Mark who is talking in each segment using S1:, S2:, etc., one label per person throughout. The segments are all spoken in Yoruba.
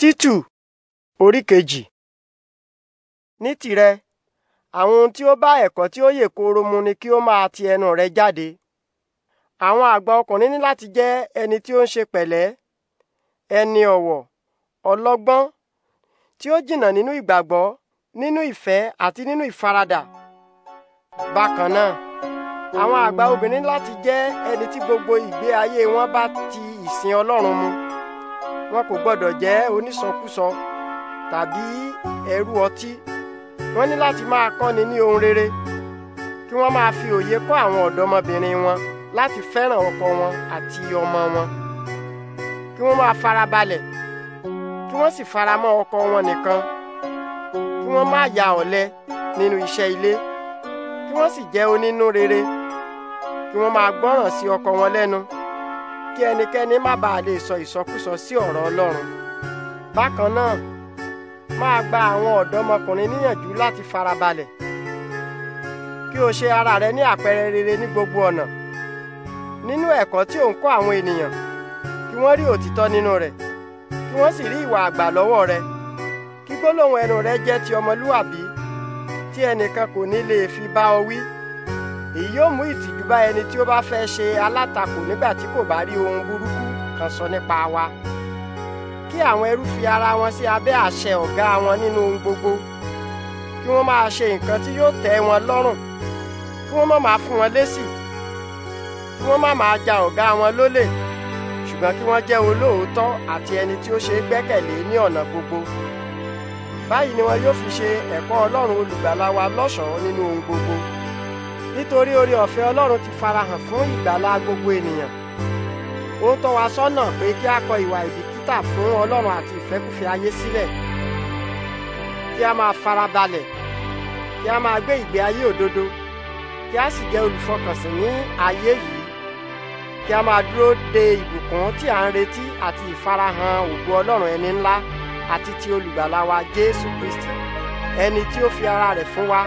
S1: títù orí kejì ní tìrẹ àwọn ohun tí ó bá ẹ̀kọ́ tí ó yè kooro mu ni kí ó máa ti ẹnu rẹ jáde àwọn àgbà ọkùnrin ní láti jẹ́ ẹni tí ó ń ṣe pẹ̀lẹ́ ẹni ọ̀wọ̀ ọlọ́gbọ́n tí ó jìnnà nínú ìgbàgbọ́ nínú ìfẹ́ àti nínú ìfaradà bákan náà àwọn àgbà obìnrin láti jẹ́ ẹni tí gbogbo ìgbé ayé wọn bá ti ìsìn Ọlọ́run mu wọn kò gbọdọ̀ jẹ́ onísọkúsọ tàbí ẹrú ọtí wọ́n ní láti máa kọ́ni ní ohun rere kí wọ́n máa fi òye kọ́ àwọn ọ̀dọ́mọbìnrin wọn láti fẹ́ràn ọkọ wọn àti ọmọ wọn kí wọ́n máa farabalẹ̀ kí wọ́n sì faramọ́ ọkọ wọn nìkan kí wọ́n má ya ọ̀lẹ nínú iṣẹ́ ilé kí wọ́n sì jẹ́ onínú rere kí wọ́n máa gbọ́ràn sí ọkọ wọn lẹ́nu kí ẹnikẹ́ni má bàa lè sọ ìsọkúsọ sí ọ̀rọ̀ Ọlọ́run bákan náà máa gba àwọn ọ̀dọ́mọkùnrin níyànjú láti farabalẹ̀ kí o ṣe ara rẹ ní àpẹẹrẹ rere ní gbogbo ọ̀nà nínú ẹ̀kọ́ tí ò ń kọ́ àwọn ènìyàn kí wọ́n rí òtítọ́ nínú rẹ̀ kí wọ́n sì rí ìwà àgbà lọ́wọ́ rẹ kí gbólóhùn ẹnu rẹ jẹ́ ti ọmọlúwàbí tí ẹnìkan kò ní lè fi bá ọ wí èyí yóò mú ìtìjú bá ẹni tí ó bá fẹ́ ṣe alátakò nígbà tí kò bá rí ohun burúkú kan sọ nípa wa kí àwọn ẹrú fi ara wọn sí abẹ́ àṣẹ ọ̀gá wọn nínú ohun gbogbo kí wọ́n máa ṣe nǹkan tí yóò tẹ́ wọn lọ́rùn kí wọ́n má máa fún wọn lésì kí wọ́n má máa ja ọ̀gá wọn lólè ṣùgbọ́n kí wọ́n jẹ́ olóòótọ́ àti ẹni tí ó ṣe gbẹ́kẹ̀lé ní ọ̀nà gbogbo báyìí ni wọn yóò fi ṣe ẹ̀kọ́ Ọlọ́run olùgbàlà wa lọ́ṣọ̀ọ́ nínú ohun gbogbo nítorí oore ọ̀fẹ́ Ọlọ́run ti farahàn fún ìgbàlá gbogbo ènìyàn ó ń tọ́ wa sọ́nà pé kí a kọ ìwà ìbìkítà fún Ọlọ́run àti ìfẹ́kùfẹ́ ayé sílẹ̀ kí a máa farabalẹ̀ kí a máa gbé ìgbé ayé òdodo kí a sì jẹ́ olùfọkànsìn ní ayé yìí kí a máa dúró de ìbùkún tí à ń retí àti ìfarahàn ògo Ọlọ́run ẹni ńlá àti ti olùgbàlà wa Jésù Kristi ẹni tí ó fi ara rẹ̀ fún wa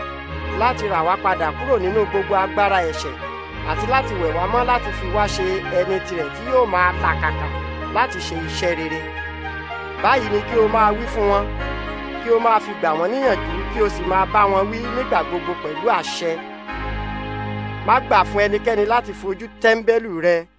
S1: láti rà wá padà kúrò nínú gbogbo agbára ẹ̀ṣẹ̀ àti láti wẹ̀ wá mọ́ láti fi wá ṣe ẹni tirẹ̀ tí yóò máa làkàkà láti ṣe iṣẹ́ rere. báyìí ni kí o máa wí fún wọn kí o máa fi gbà wọ́n níyànjú kí o sì máa bá wọn wí nígbà gbogbo pẹ̀lú àṣẹ. má gbà fún ẹnikẹ́ni láti fojú tẹ́ńbẹ́lú rẹ.